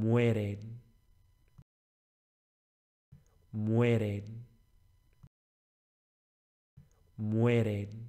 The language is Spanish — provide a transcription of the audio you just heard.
mueren, mueren, mueren.